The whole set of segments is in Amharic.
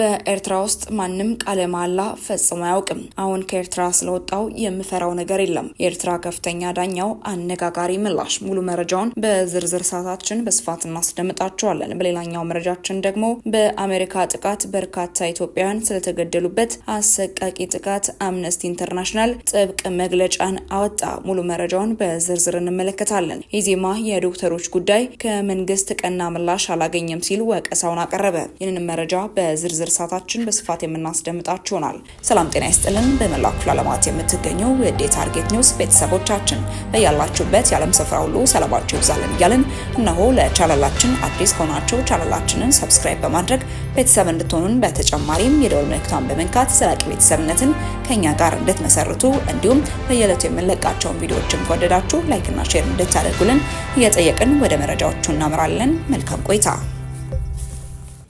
በኤርትራ ውስጥ ማንም ቃለ መሐላ ፈጽሞ አያውቅም። አሁን ከኤርትራ ስለወጣው የምፈራው ነገር የለም። የኤርትራ ከፍተኛ ዳኛው አነጋጋሪ ምላሽ። ሙሉ መረጃውን በዝርዝር ሰዓታችን በስፋት እናስደምጣችኋለን። በሌላኛው መረጃችን ደግሞ በአሜሪካ ጥቃት በርካታ ኢትዮጵያውያን ስለተገደሉበት አሰቃቂ ጥቃት አምነስቲ ኢንተርናሽናል ጥብቅ መግለጫን አወጣ። ሙሉ መረጃውን በዝርዝር እንመለከታለን። ኢዜማ የዶክተሮች ጉዳይ ከመንግስት ቀና ምላሽ አላገኘም ሲል ወቀሳውን አቀረበ። ይህንን መረጃ በዝርዝር ድርሳታችን በስፋት የምናስደምጣችሁ ይሆናል። ሰላም ጤና ይስጥልን። በመላው ክፍለ ዓለማት የምትገኙ የዴ ታርጌት ኒውስ ቤተሰቦቻችን በያላችሁበት የዓለም ስፍራ ሁሉ ሰላማችሁ ይብዛልን እያልን እነሆ ለቻናላችን አዲስ ከሆናችሁ ቻናላችንን ሰብስክራይብ በማድረግ ቤተሰብ እንድትሆኑን በተጨማሪም የደወል ምልክቷን በመንካት ዘላቂ ቤተሰብነትን ከኛ ጋር እንድትመሰርቱ እንዲሁም በየዕለቱ የምንለቃቸውን ቪዲዮዎችን ከወደዳችሁ ላይክና ሼር እንድታደርጉልን እየጠየቅን ወደ መረጃዎቹ እናምራለን። መልካም ቆይታ።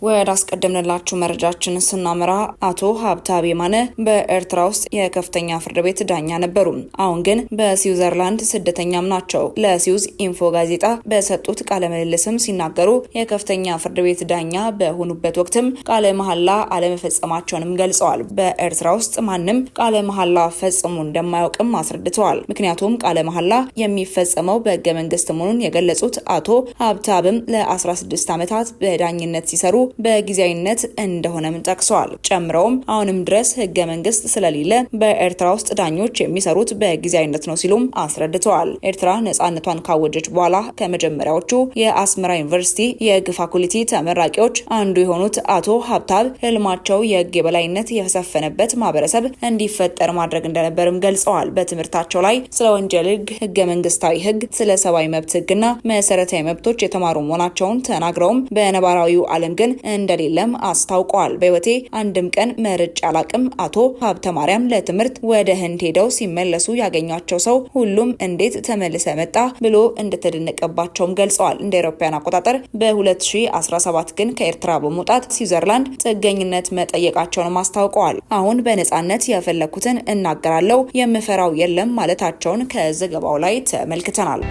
ወደ አስቀደምንላችሁ መረጃችን ስናመራ አቶ ሀብታብ የማነ በኤርትራ ውስጥ የከፍተኛ ፍርድ ቤት ዳኛ ነበሩ። አሁን ግን በስዊዘርላንድ ስደተኛም ናቸው። ለስዊዝ ኢንፎ ጋዜጣ በሰጡት ቃለ ምልልስም ሲናገሩ የከፍተኛ ፍርድ ቤት ዳኛ በሆኑበት ወቅትም ቃለ መሐላ አለመፈጸማቸውንም ገልጸዋል። በኤርትራ ውስጥ ማንም ቃለ መሐላ ፈጽሙ እንደማያውቅም አስረድተዋል። ምክንያቱም ቃለ መሐላ የሚፈጸመው በህገ መንግስት መሆኑን የገለጹት አቶ ሀብታብም ለ16 ዓመታት በዳኝነት ሲሰሩ በጊዜያዊነት እንደሆነም ጠቅሰዋል። ጨምረውም አሁንም ድረስ ህገ መንግስት ስለሌለ በኤርትራ ውስጥ ዳኞች የሚሰሩት በጊዜያዊነት ነው ሲሉም አስረድተዋል። ኤርትራ ነጻነቷን ካወጀች በኋላ ከመጀመሪያዎቹ የአስመራ ዩኒቨርሲቲ የህግ ፋኩልቲ ተመራቂዎች አንዱ የሆኑት አቶ ሀብታብ ህልማቸው የህግ የበላይነት የሰፈነበት ማህበረሰብ እንዲፈጠር ማድረግ እንደነበርም ገልጸዋል። በትምህርታቸው ላይ ስለ ወንጀል ህግ፣ ህገ መንግስታዊ ህግ፣ ስለ ሰብአዊ መብት ህግና መሰረታዊ መብቶች የተማሩ መሆናቸውን ተናግረውም በነባራዊው ዓለም ግን እንደሌለም አስታውቀዋል። በህይወቴ አንድም ቀን መርጬ አላቅም። አቶ ሀብተ ማርያም ለትምህርት ወደ ህንድ ሄደው ሲመለሱ ያገኟቸው ሰው ሁሉም እንዴት ተመልሰ መጣ ብሎ እንደተደነቀባቸውም ገልጸዋል። እንደ አውሮፓውያን አቆጣጠር በ2017 ግን ከኤርትራ በመውጣት ስዊዘርላንድ ጥገኝነት መጠየቃቸውንም አስታውቀዋል። አሁን በነጻነት የፈለኩትን እናገራለሁ፣ የምፈራው የለም ማለታቸውን ከዘገባው ላይ ተመልክተናል።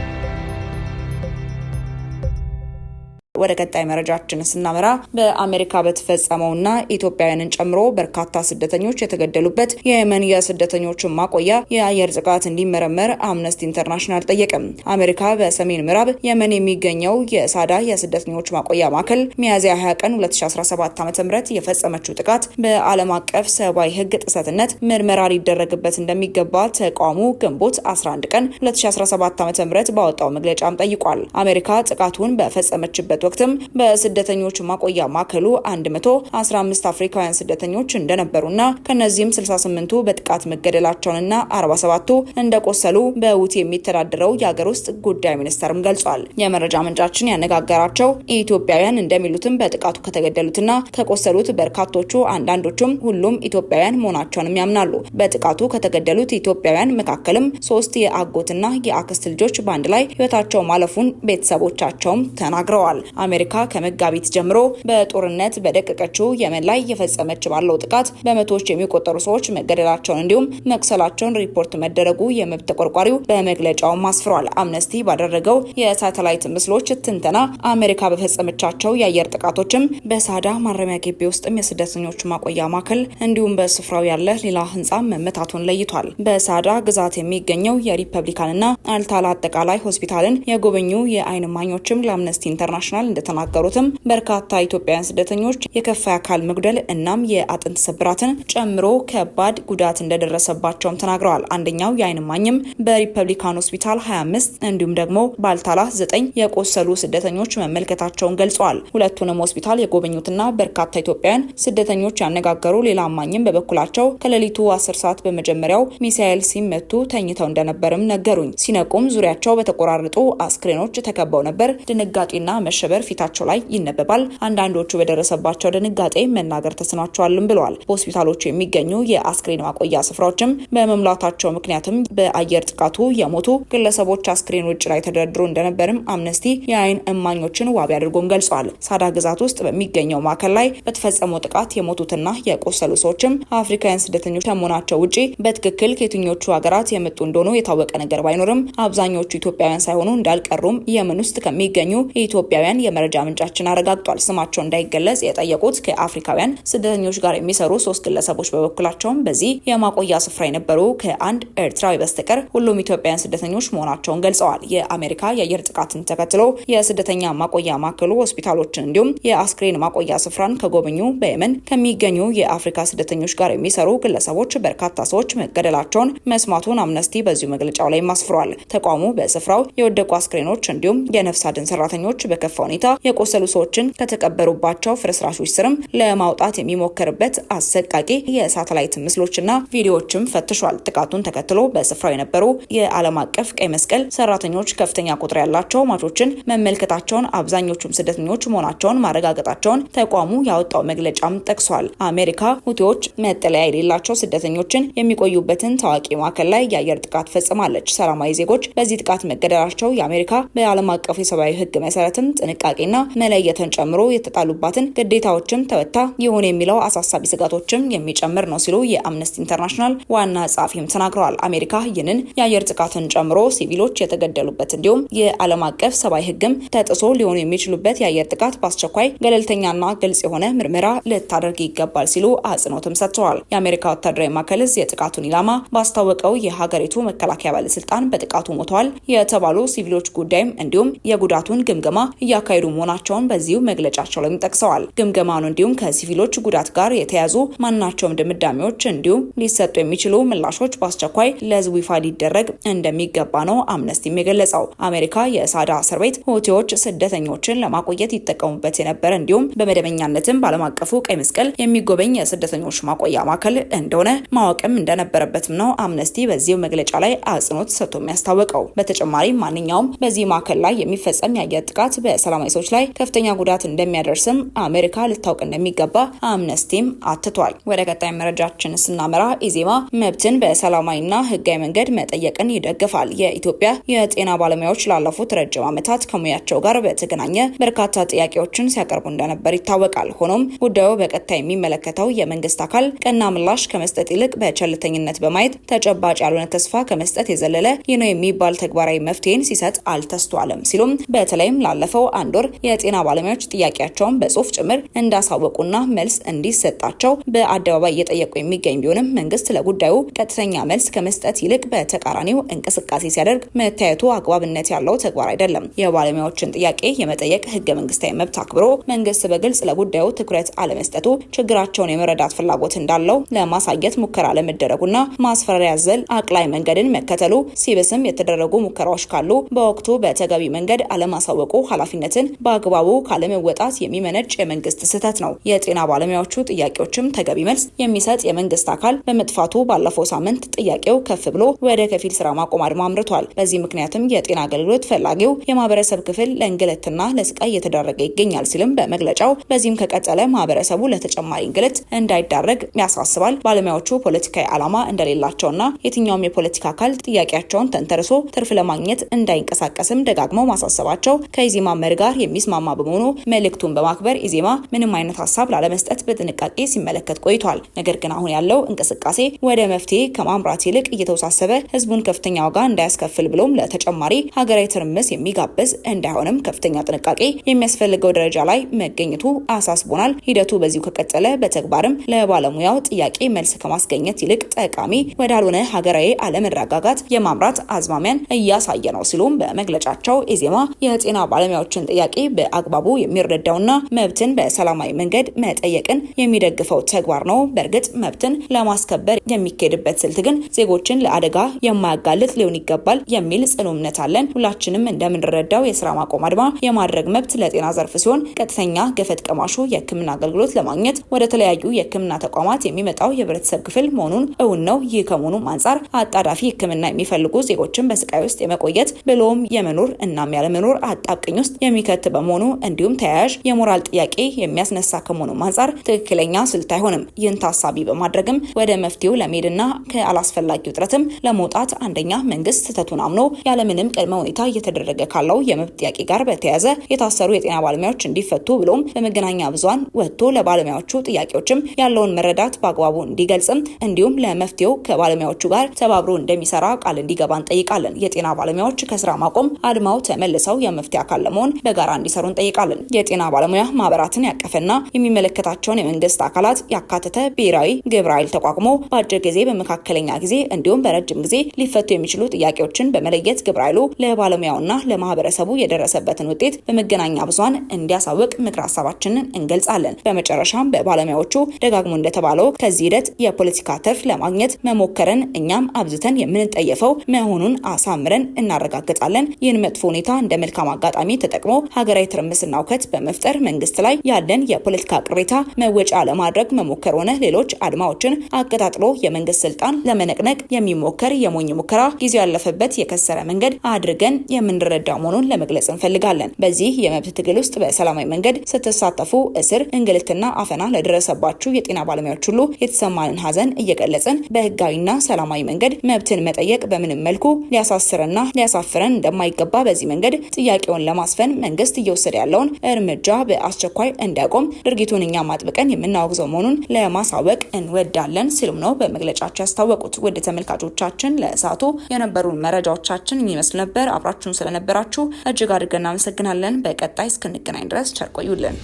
ወደ ቀጣይ መረጃችን ስናመራ በአሜሪካ በተፈጸመውና ኢትዮጵያውያንን ጨምሮ በርካታ ስደተኞች የተገደሉበት የየመን የስደተኞችን ማቆያ የአየር ጥቃት እንዲመረመር አምነስቲ ኢንተርናሽናል ጠየቅም። አሜሪካ በሰሜን ምዕራብ የመን የሚገኘው የሳዳ የስደተኞች ማቆያ ማዕከል ሚያዝያ 20 ቀን 2017 ዓ.ም የፈጸመችው ጥቃት በዓለም አቀፍ ሰብአዊ ሕግ ጥሰትነት ምርመራ ሊደረግበት እንደሚገባ ተቋሙ ግንቦት 11 ቀን 2017 ዓ.ም ባወጣው መግለጫም ጠይቋል። አሜሪካ ጥቃቱን በፈጸመችበት ወቅትም በስደተኞች ማቆያ ማዕከሉ 115 አፍሪካውያን ስደተኞች እንደነበሩና ከነዚህም 68ቱ በጥቃት መገደላቸውንና 47ቱ እንደቆሰሉ በውት የሚተዳደረው የሀገር ውስጥ ጉዳይ ሚኒስተርም ገልጿል። የመረጃ ምንጫችን ያነጋገራቸው ኢትዮጵያውያን እንደሚሉትም በጥቃቱ ከተገደሉትና ከቆሰሉት በርካቶቹ አንዳንዶቹም ሁሉም ኢትዮጵያውያን መሆናቸውንም ያምናሉ። በጥቃቱ ከተገደሉት ኢትዮጵያውያን መካከልም ሶስት የአጎትና የአክስት ልጆች በአንድ ላይ ህይወታቸው ማለፉን ቤተሰቦቻቸውም ተናግረዋል። አሜሪካ ከመጋቢት ጀምሮ በጦርነት በደቀቀችው የመን ላይ እየፈጸመች ባለው ጥቃት በመቶዎች የሚቆጠሩ ሰዎች መገደላቸውን እንዲሁም መቁሰላቸውን ሪፖርት መደረጉ የመብት ተቆርቋሪው በመግለጫውም አስፍሯል። አምነስቲ ባደረገው የሳተላይት ምስሎች ትንተና አሜሪካ በፈጸመቻቸው የአየር ጥቃቶችም በሳዳ ማረሚያ ግቢ ውስጥም የስደተኞች ማቆያ ማዕከል እንዲሁም በስፍራው ያለ ሌላ ህንፃ መመታቱን ለይቷል። በሳዳ ግዛት የሚገኘው የሪፐብሊካንና አልታላ አጠቃላይ ሆስፒታልን የጎበኙ የአይን ማኞችም ለአምነስቲ ኢንተርናሽናል እንደተናገሩትም በርካታ ኢትዮጵያውያን ስደተኞች የከፋ አካል መጉደል እናም የአጥንት ስብራትን ጨምሮ ከባድ ጉዳት እንደደረሰባቸውም ተናግረዋል። አንደኛው የአይን ማኝም በሪፐብሊካን ሆስፒታል 25 እንዲሁም ደግሞ ባልታላ 9 የቆሰሉ ስደተኞች መመልከታቸውን ገልጸዋል። ሁለቱንም ሆስፒታል የጎበኙትና በርካታ ኢትዮጵያውያን ስደተኞች ያነጋገሩ ሌላ አማኝም በበኩላቸው ከሌሊቱ 10 ሰዓት በመጀመሪያው ሚሳኤል ሲመቱ ተኝተው እንደነበርም ነገሩኝ። ሲነቁም ዙሪያቸው በተቆራረጡ አስክሬኖች ተከበው ነበር። ድንጋጤና መሸበር መደናበር ፊታቸው ላይ ይነበባል። አንዳንዶቹ በደረሰባቸው ድንጋጤ መናገር ተስኗቸዋልም ብለዋል። በሆስፒታሎቹ የሚገኙ የአስክሬን ማቆያ ስፍራዎችም በመምላታቸው ምክንያትም በአየር ጥቃቱ የሞቱ ግለሰቦች አስክሬን ውጭ ላይ ተደርድሮ እንደነበርም አምነስቲ የአይን እማኞችን ዋቢ አድርጎም ገልጿል። ሳዳ ግዛት ውስጥ በሚገኘው ማዕከል ላይ በተፈጸመው ጥቃት የሞቱትና የቆሰሉ ሰዎችም አፍሪካውያን ስደተኞች ከመሆናቸው ውጪ በትክክል ከየትኞቹ ሀገራት የመጡ እንደሆኑ የታወቀ ነገር ባይኖርም አብዛኞቹ ኢትዮጵያውያን ሳይሆኑ እንዳልቀሩም የመን ውስጥ ከሚገኙ የኢትዮጵያውያን የመረጃ ምንጫችን አረጋግጧል። ስማቸው እንዳይገለጽ የጠየቁት ከአፍሪካውያን ስደተኞች ጋር የሚሰሩ ሶስት ግለሰቦች በበኩላቸውም በዚህ የማቆያ ስፍራ የነበሩ ከአንድ ኤርትራዊ በስተቀር ሁሉም ኢትዮጵያውያን ስደተኞች መሆናቸውን ገልጸዋል። የአሜሪካ የአየር ጥቃትን ተከትሎ የስደተኛ ማቆያ ማዕከሉ ሆስፒታሎችን፣ እንዲሁም የአስክሬን ማቆያ ስፍራን ከጎበኙ በየመን ከሚገኙ የአፍሪካ ስደተኞች ጋር የሚሰሩ ግለሰቦች በርካታ ሰዎች መገደላቸውን መስማቱን አምነስቲ በዚሁ መግለጫው ላይ አስፍሯል። ተቋሙ በስፍራው የወደቁ አስክሬኖች እንዲሁም የነፍስ አድን ሰራተኞች በከፋው ሁኔታ የቆሰሉ ሰዎችን ከተቀበሩባቸው ፍርስራሾች ስርም ለማውጣት የሚሞከርበት አሰቃቂ የሳተላይት ምስሎችና ቪዲዮዎችም ፈትሿል። ጥቃቱን ተከትሎ በስፍራው የነበሩ የዓለም አቀፍ ቀይ መስቀል ሰራተኞች ከፍተኛ ቁጥር ያላቸው ሟቾችን መመልከታቸውን፣ አብዛኞቹም ስደተኞች መሆናቸውን ማረጋገጣቸውን ተቋሙ ያወጣው መግለጫም ጠቅሷል። አሜሪካ ሁቲዎች መጠለያ የሌላቸው ስደተኞችን የሚቆዩበትን ታዋቂ ማዕከል ላይ የአየር ጥቃት ፈጽማለች። ሰላማዊ ዜጎች በዚህ ጥቃት መገደላቸው የአሜሪካ በዓለም አቀፉ የሰብአዊ ሕግ መሰረትም ጥንቃ ጥንቃቄና መለየትን ጨምሮ የተጣሉባትን ግዴታዎችም ተወታ ይሁን የሚለው አሳሳቢ ስጋቶችም የሚጨምር ነው ሲሉ የአምነስቲ ኢንተርናሽናል ዋና ጸሐፊም ተናግረዋል። አሜሪካ ይህንን የአየር ጥቃትን ጨምሮ ሲቪሎች የተገደሉበት እንዲሁም የዓለም አቀፍ ሰብአዊ ሕግም ተጥሶ ሊሆኑ የሚችሉበት የአየር ጥቃት በአስቸኳይ ገለልተኛና ግልጽ የሆነ ምርመራ ልታደርግ ይገባል ሲሉ አጽንኦትም ሰጥተዋል። የአሜሪካ ወታደራዊ ማዕከል እዝ የጥቃቱን ኢላማ ባስታወቀው የሀገሪቱ መከላከያ ባለስልጣን በጥቃቱ ሞተዋል የተባሉ ሲቪሎች ጉዳይም እንዲሁም የጉዳቱን ግምገማ እያከ እያካሄዱ መሆናቸውን በዚሁ መግለጫቸው ላይም ጠቅሰዋል። ግምገማኑ እንዲሁም ከሲቪሎች ጉዳት ጋር የተያዙ ማናቸውም ድምዳሜዎች እንዲሁም ሊሰጡ የሚችሉ ምላሾች በአስቸኳይ ለህዝቡ ይፋ ሊደረግ እንደሚገባ ነው አምነስቲም የገለጸው። አሜሪካ የሳዳ እስር ቤት ሆቴዎች ስደተኞችን ለማቆየት ይጠቀሙበት የነበረ እንዲሁም በመደበኛነትም በዓለም አቀፉ ቀይ መስቀል የሚጎበኝ የስደተኞች ማቆያ ማዕከል እንደሆነ ማወቅም እንደነበረበትም ነው አምነስቲ በዚህ መግለጫ ላይ አጽንኦት ሰጥቶ የሚያስታወቀው። በተጨማሪም ማንኛውም በዚህ ማዕከል ላይ የሚፈጸም የአየር ጥቃት በሰላም ቀማቂሶች ላይ ከፍተኛ ጉዳት እንደሚያደርስም አሜሪካ ልታውቅ እንደሚገባ አምነስቲም አትቷል። ወደ ቀጣይ መረጃችን ስናመራ ኢዜማ መብትን በሰላማዊና ህጋዊ መንገድ መጠየቅን ይደግፋል። የኢትዮጵያ የጤና ባለሙያዎች ላለፉት ረጅም ዓመታት ከሙያቸው ጋር በተገናኘ በርካታ ጥያቄዎችን ሲያቀርቡ እንደነበር ይታወቃል። ሆኖም ጉዳዩ በቀጥታ የሚመለከተው የመንግስት አካል ቀና ምላሽ ከመስጠት ይልቅ በቸልተኝነት በማየት ተጨባጭ ያልሆነ ተስፋ ከመስጠት የዘለለ ይህ ነው የሚባል ተግባራዊ መፍትሄን ሲሰጥ አልተስተዋለም ሲሉም በተለይም ላለፈው አንድ ወር የጤና ባለሙያዎች ጥያቄያቸውን በጽሁፍ ጭምር እንዳሳወቁና መልስ እንዲሰጣቸው በአደባባይ እየጠየቁ የሚገኝ ቢሆንም መንግስት ለጉዳዩ ቀጥተኛ መልስ ከመስጠት ይልቅ በተቃራኒው እንቅስቃሴ ሲያደርግ መታየቱ አግባብነት ያለው ተግባር አይደለም። የባለሙያዎችን ጥያቄ የመጠየቅ ህገ መንግስታዊ መብት አክብሮ መንግስት በግልጽ ለጉዳዩ ትኩረት አለመስጠቱ ችግራቸውን የመረዳት ፍላጎት እንዳለው ለማሳየት ሙከራ ለመደረጉና ማስፈራሪያ ዘል አቅላይ መንገድን መከተሉ ሲብስም የተደረጉ ሙከራዎች ካሉ በወቅቱ በተገቢ መንገድ አለማሳወቁ ኃላፊነትን ኃላፊነትን በአግባቡ ካለመወጣት የሚመነጭ የመንግስት ስህተት ነው። የጤና ባለሙያዎቹ ጥያቄዎችም ተገቢ መልስ የሚሰጥ የመንግስት አካል በመጥፋቱ ባለፈው ሳምንት ጥያቄው ከፍ ብሎ ወደ ከፊል ስራ ማቆም አድማ አምርቷል። በዚህ ምክንያትም የጤና አገልግሎት ፈላጊው የማህበረሰብ ክፍል ለእንግልትና ለስቃይ እየተዳረገ ይገኛል ሲልም በመግለጫው በዚህም ከቀጠለ ማህበረሰቡ ለተጨማሪ እንግልት እንዳይዳረግ ያሳስባል። ባለሙያዎቹ ፖለቲካዊ ዓላማ እንደሌላቸውና የትኛውም የፖለቲካ አካል ጥያቄያቸውን ተንተርሶ ትርፍ ለማግኘት እንዳይንቀሳቀስም ደጋግመው ማሳሰባቸው ከኢዜማ መሪ ጋር የሚስማማ በመሆኑ መልእክቱን በማክበር ኢዜማ ምንም አይነት ሀሳብ ላለመስጠት በጥንቃቄ ሲመለከት ቆይቷል። ነገር ግን አሁን ያለው እንቅስቃሴ ወደ መፍትሄ ከማምራት ይልቅ እየተወሳሰበ ህዝቡን ከፍተኛ ዋጋ እንዳያስከፍል ብሎም ለተጨማሪ ሀገራዊ ትርምስ የሚጋብዝ እንዳይሆንም ከፍተኛ ጥንቃቄ የሚያስፈልገው ደረጃ ላይ መገኘቱ አሳስቦናል። ሂደቱ በዚሁ ከቀጠለ በተግባርም ለባለሙያው ጥያቄ መልስ ከማስገኘት ይልቅ ጠቃሚ ወዳልሆነ ሀገራዊ አለመረጋጋት የማምራት አዝማሚያን እያሳየ ነው ሲሉም በመግለጫቸው ኢዜማ የጤና ባለሙያዎችን ጥያቄ በአግባቡ የሚረዳውና መብትን በሰላማዊ መንገድ መጠየቅን የሚደግፈው ተግባር ነው። በእርግጥ መብትን ለማስከበር የሚካሄድበት ስልት ግን ዜጎችን ለአደጋ የማያጋልጥ ሊሆን ይገባል የሚል ጽኑ እምነት አለን። ሁላችንም እንደምንረዳው የስራ ማቆም አድማ የማድረግ መብት ለጤና ዘርፍ ሲሆን ቀጥተኛ ገፈት ቀማሹ የህክምና አገልግሎት ለማግኘት ወደ ተለያዩ የህክምና ተቋማት የሚመጣው የህብረተሰብ ክፍል መሆኑን እውን ነው። ይህ ከመሆኑም አንጻር አጣዳፊ ህክምና የሚፈልጉ ዜጎችን በስቃይ ውስጥ የመቆየት ብሎም የመኖር እናም ያለመኖር አጣብቅኝ ውስጥ የሚ የሚከት በመሆኑ እንዲሁም ተያያዥ የሞራል ጥያቄ የሚያስነሳ ከመሆኑ አንጻር ትክክለኛ ስልት አይሆንም። ይህን ታሳቢ በማድረግም ወደ መፍትሄው ለመሄድና ከአላስፈላጊ ውጥረትም ለመውጣት አንደኛ መንግስት ስህተቱን አምኖ ያለምንም ቅድመ ሁኔታ እየተደረገ ካለው የመብት ጥያቄ ጋር በተያያዘ የታሰሩ የጤና ባለሙያዎች እንዲፈቱ ብሎም በመገናኛ ብዙን ወጥቶ ለባለሙያዎቹ ጥያቄዎችም ያለውን መረዳት በአግባቡ እንዲገልጽም እንዲሁም ለመፍትሄው ከባለሙያዎቹ ጋር ተባብሮ እንደሚሰራ ቃል እንዲገባ እንጠይቃለን። የጤና ባለሙያዎች ከስራ ማቆም አድማው ተመልሰው የመፍትሄ አካል ለመሆን በጋራ እንዲሰሩ እንጠይቃለን። የጤና ባለሙያ ማህበራትን ያቀፈና የሚመለከታቸውን የመንግስት አካላት ያካተተ ብሔራዊ ግብረ ኃይል ተቋቁሞ በአጭር ጊዜ፣ በመካከለኛ ጊዜ እንዲሁም በረጅም ጊዜ ሊፈቱ የሚችሉ ጥያቄዎችን በመለየት ግብረ ኃይሉ ለባለሙያውና ለማህበረሰቡ የደረሰበትን ውጤት በመገናኛ ብዙሃን እንዲያሳውቅ ምክር ሀሳባችንን እንገልጻለን። በመጨረሻም በባለሙያዎቹ ደጋግሞ እንደተባለው ከዚህ ሂደት የፖለቲካ ትርፍ ለማግኘት መሞከርን እኛም አብዝተን የምንጠየፈው መሆኑን አሳምረን እናረጋግጣለን። ይህን መጥፎ ሁኔታ እንደ መልካም አጋጣሚ ተጠቅሞ ሀገራዊ ትርምስና እውከት በመፍጠር መንግስት ላይ ያለን የፖለቲካ ቅሬታ መወጫ ለማድረግ መሞከር ሆነ ሌሎች አድማዎችን አቀጣጥሎ የመንግስት ስልጣን ለመነቅነቅ የሚሞከር የሞኝ ሙከራ ጊዜው ያለፈበት የከሰረ መንገድ አድርገን የምንረዳ መሆኑን ለመግለጽ እንፈልጋለን። በዚህ የመብት ትግል ውስጥ በሰላማዊ መንገድ ስትሳተፉ እስር፣ እንግልትና አፈና ለደረሰባችሁ የጤና ባለሙያዎች ሁሉ የተሰማንን ሀዘን እየገለጽን በህጋዊና ሰላማዊ መንገድ መብትን መጠየቅ በምንም መልኩ ሊያሳስረና ሊያሳፍረን እንደማይገባ በዚህ መንገድ ጥያቄውን ለማስፈን መንግስት እየወሰደ ያለውን እርምጃ በአስቸኳይ እንዲያቆም ድርጊቱን እኛ ማጥብቀን የምናወግዘው መሆኑን ለማሳወቅ እንወዳለን ሲሉም ነው በመግለጫቸው ያስታወቁት። ውድ ተመልካቾቻችን ለእሳቱ የነበሩ መረጃዎቻችን የሚመስሉ ነበር። አብራችሁን ስለነበራችሁ እጅግ አድርገን እናመሰግናለን። በቀጣይ እስክንገናኝ ድረስ ቸር ቆዩልን።